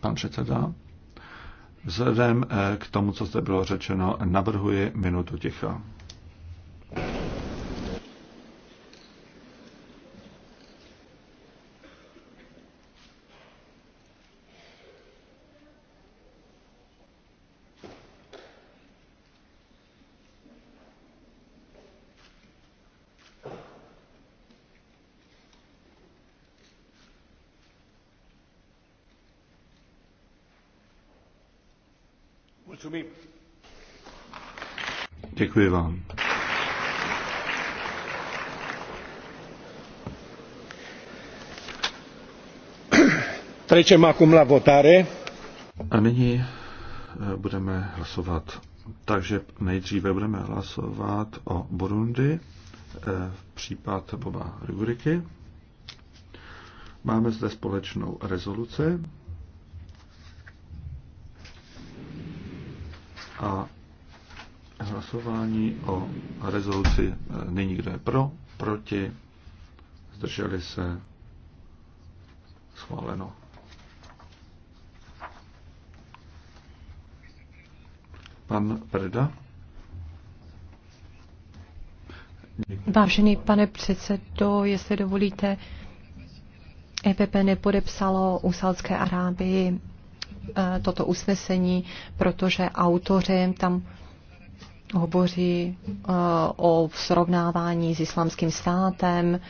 Pan předseda, vzhledem eh, k tomu, co zde bylo řečeno, navrhuji minutu ticha. Děkuji vám. Trecem acum la votare. A nyní eh, budeme hlasovat. Takže nejdříve budeme hlasovat o Burundi, v eh, případ Boba Ruguriky. Máme zde společnou rezoluci. A hlasování o rezoluci e, není kdo je pro, proti, zdrželi se, schváleno. Pan Preda. Vážený pane předsedo, jestli dovolíte, EPP nepodepsalo u Saudské Arábii Eh, toto usnesení, protože autoři tam hovoří eh, o srovnávání s islamským státem.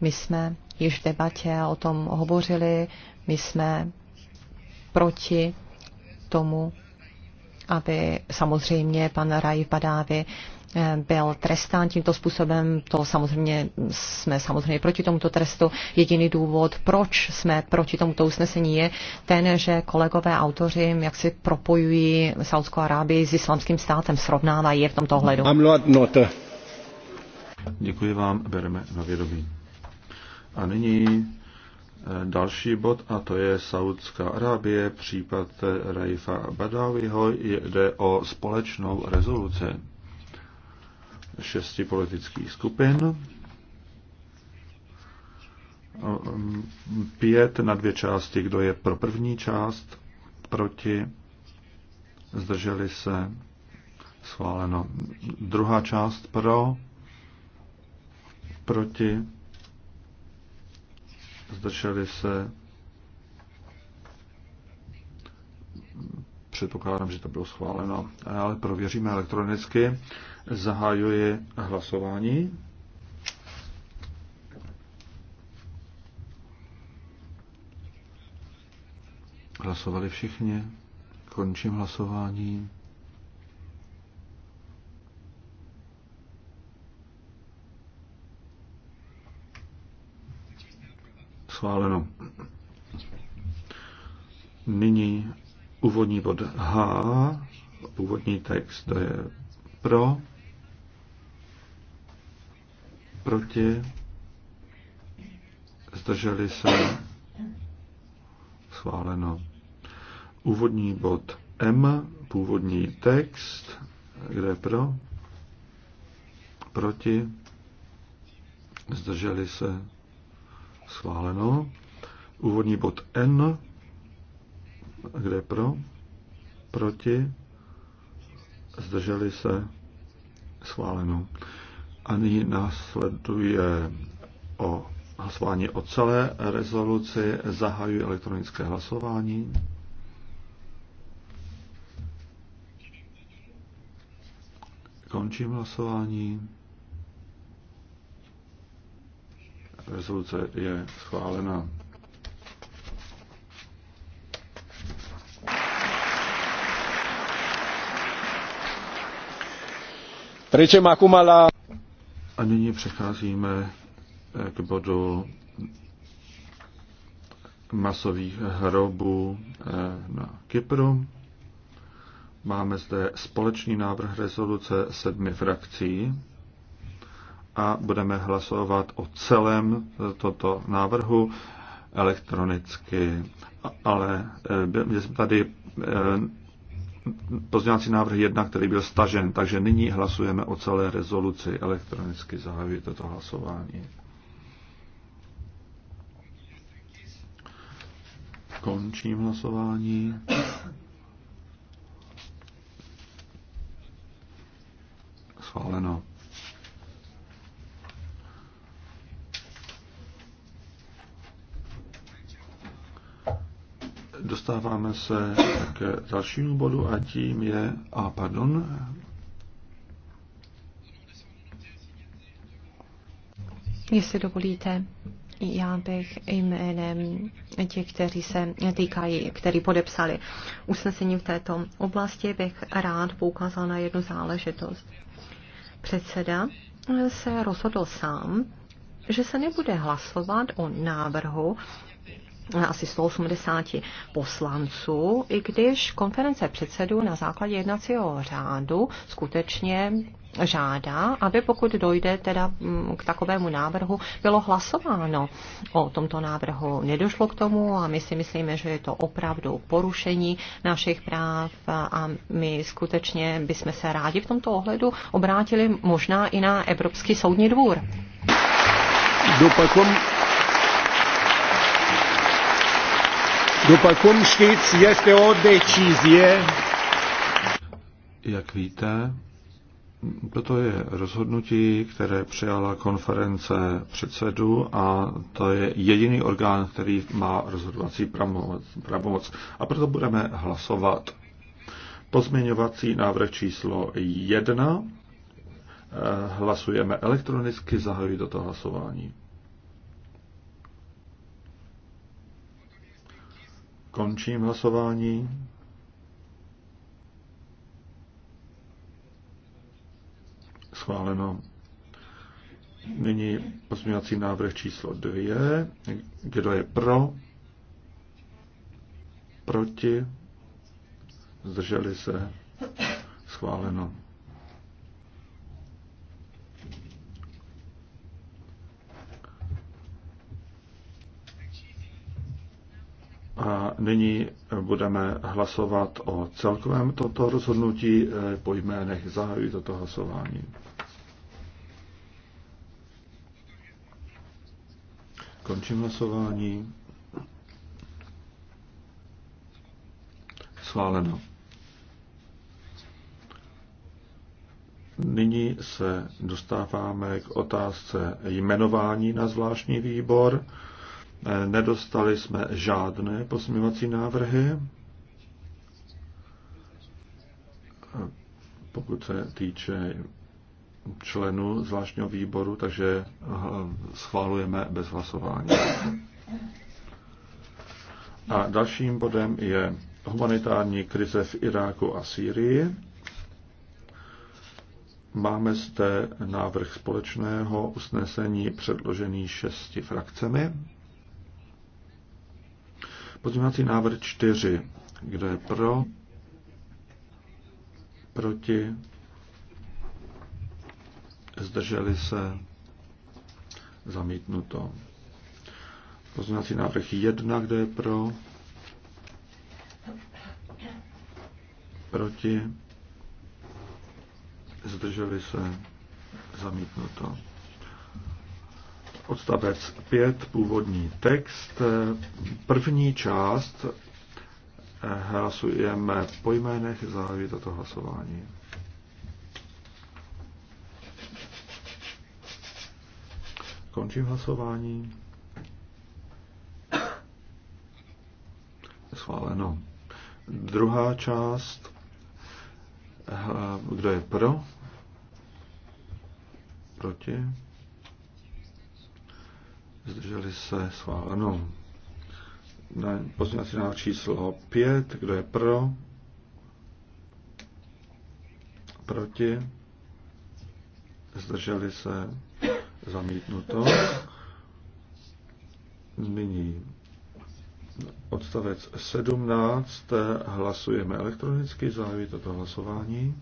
My jsme již v debatě o tom hovořili, my jsme proti tomu, aby samozřejmě pan Rajiv Badávi eh, byl trestán tímto způsobem. To samozřejmě jsme samozřejmě proti tomuto trestu. Jediný důvod, proč jsme proti tomuto usnesení, je ten, že kolegové autoři jak si propojují Saudskou Arábii s islamským státem, srovnávají je v tomto ohledu. Děkuji vám, bereme na vědomí. A nyní další bod, a to je Saudská Arábie, případ Raifa Badawiho, jde o společnou rezoluci šesti politických skupin. Pět na dvě části, kdo je pro první část, proti, zdrželi se, schváleno. Druhá část pro, proti, zdrželi se. Předpokládám, že to bylo schváleno, ale prověříme elektronicky. Zahajuji hlasování. Hlasovali všichni. Končím hlasování. Schváleno. Nyní úvodní bod H, úvodní text, to je pro, proti, zdrželi se, schváleno. Úvodní bod M, původní text, kde je pro, proti, zdrželi se, Schváleno. Úvodní bod N. Kde pro? Proti? Zdrželi se? Schváleno. A nyní následuje o hlasování o celé rezoluci. Zahajuji elektronické hlasování. Končím hlasování. rezoluce je schválena. A nyní přecházíme eh, k bodu masových hrobů eh, na Kypru. Máme zde společný návrh rezoluce sedmi frakcí a budeme hlasovat o celém toto návrhu elektronicky. Ale měli eh, jsme tady eh, pozměňovací návrh jedna, který byl stažen, takže nyní hlasujeme o celé rezoluci elektronicky. Zahajuji toto hlasování. Končím hlasování. se k dalšímu bodu a tím je... A pardon. Jestli dovolíte, já bych jménem těch, kteří se týkají, kteří podepsali usnesení v této oblasti, bych rád poukázal na jednu záležitost. Předseda se rozhodl sám, že se nebude hlasovat o návrhu asi 180 poslanců, i když konference předsedů na základě jednacího řádu skutečně žádá, aby pokud dojde teda mm, k takovému návrhu, bylo hlasováno o tomto návrhu. Nedošlo k tomu a my si myslíme, že je to opravdu porušení našich práv a my skutečně bychom se rádi v tomto ohledu obrátili možná i na Evropský soudní dvůr. Dopakom După cum știți, este o decizie. Jak víte, toto je rozhodnutí, které přijala konference předsedů a to je jediný orgán, který má rozhodovací pravomoc. A proto budeme hlasovat. Pozměňovací návrh číslo 1. Eh, hlasujeme elektronicky, zahajuji toto hlasování. Končím hlasování. Schváleno. Nyní pozměňovací návrh číslo 2. Kdo je pro? Proti? Zdrželi se? Schváleno. A nyní budeme hlasovat o celkovém toto rozhodnutí eh, po jménech zahájí toto hlasování. Končím hlasování. Schváleno. Nyní se dostáváme k otázce jmenování na zvláštní výbor. Nedostali jsme žádné pozměňovací návrhy. Pokud se týče členů zvláštního výboru, takže eh, schválujeme bez hlasování. A dalším bodem je humanitární krize v Iráku a Sýrii. Máme zde návrh společného usnesení předložený šesti frakcemi. Pozměňovací návrh 4. Kdo je pro? Proti? Zdrželi se? Zamítnuto. Pozměňovací návrh 1. Kdo je pro? Proti? Zdrželi se? Zamítnuto odstavec 5, původní text. První část hlasujeme po jménech, zahájí toto hlasování. Končím hlasování. Schváleno. Druhá část. Kdo je pro? Proti? zdrželi se, schváleno. Pozměňovací návrh číslo 5, kdo je pro, proti, zdrželi se, zamítnuto. Nyní odstavec 17, hlasujeme elektronicky, zahajuji toto hlasování.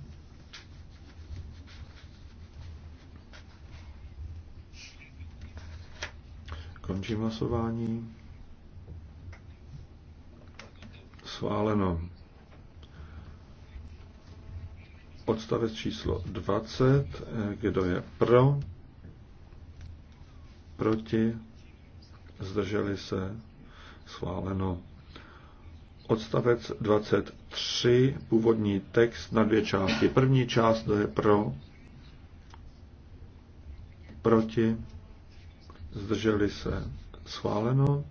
Končím hlasování. Sváleno. Odstavec číslo 20. Kdo je pro? Proti? Zdrželi se? Sváleno. Odstavec 23. Původní text na dvě části. První část, kdo je pro? Proti? zdrželi se schváleno,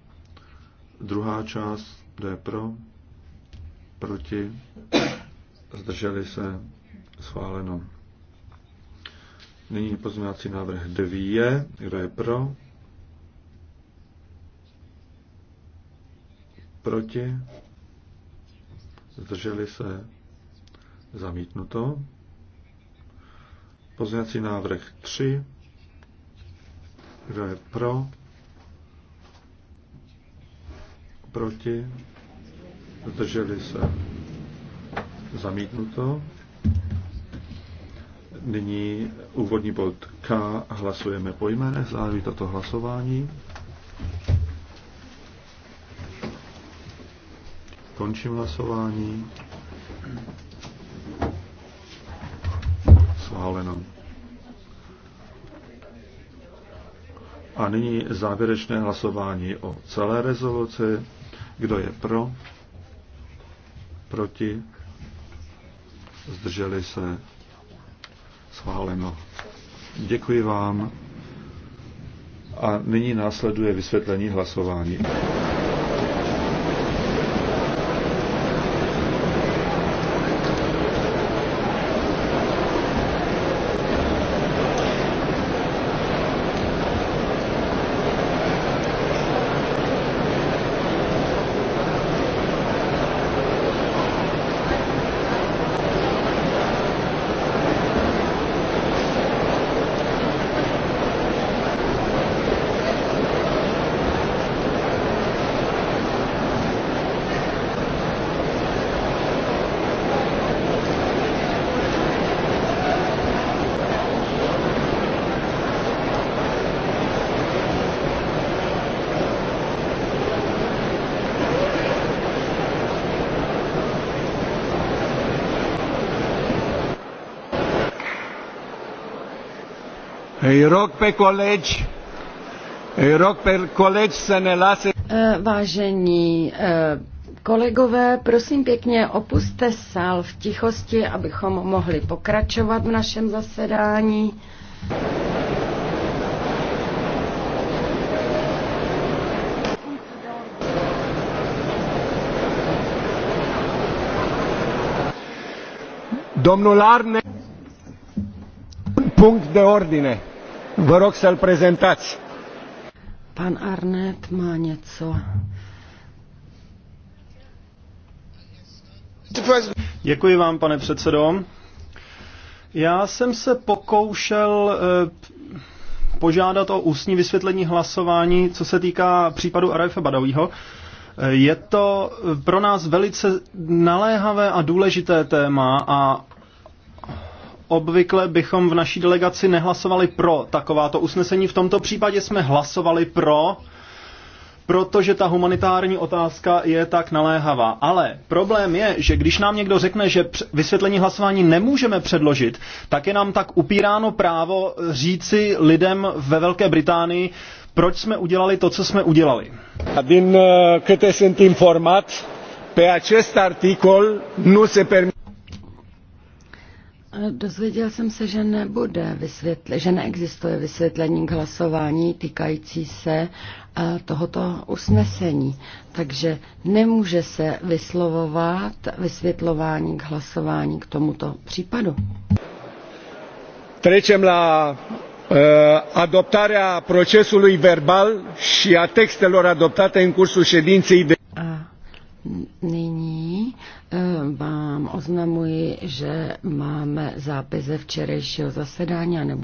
druhá část, kdo je pro, proti, zdrželi se schváleno. Nyní pozměňovací návrh 2, kdo je pro, proti, zdrželi se zamítnuto. Pozměňovací návrh 3, kdo je pro? Proti? Zdrželi se? Zamítnuto. Nyní úvodní bod K. Hlasujeme po jménech. Záleží toto hlasování. Končím hlasování. Schváleno. A nyní závěrečné hlasování o celé rezoluci. Kdo je pro? Proti? Zdrželi se? Schváleno. Děkuji vám. A nyní následuje vysvětlení hlasování. Îi rog pe colegi, îi rog pe colegi să ne lase... Eh, vážení eh, kolegové, prosím pěkně opuste sál v tichosti, abychom mohli pokračovat v našem zasedání. Domnul Arne, punct de ordine. Vă rog să-l prezentați. Pan Arnet má něco. Děkuji vám, pane předsedo. Já jsem se pokoušel eh, požádat o ústní vysvětlení hlasování, co se týká případu Arafa Badawiho. Eh, je to pro nás velice naléhavé a důležité téma a Obvykle bychom v naší delegaci nehlasovali pro takováto usnesení. V tomto případě jsme hlasovali pro, protože ta humanitární otázka je tak naléhavá. Ale problém je, že když nám někdo řekne, že vysvětlení hlasování nemůžeme předložit, tak je nám tak upíráno právo říci lidem ve Velké Británii, proč jsme udělali to, co jsme udělali. Din uh, eh, informat, pe acest articol nu se permite Eh, dozvěděl jsem se, že nebude vysvětle, že neexistuje vysvětlení k hlasování týkající se eh, tohoto usnesení. Takže nemůže se vyslovovat vysvětlování k hlasování k tomuto případu. Trecem la uh, adoptarea procesului verbal și a textelor adoptate în cursul ședinței de Oznamuji, že máme zápis ze včerejšího zasedání a nebude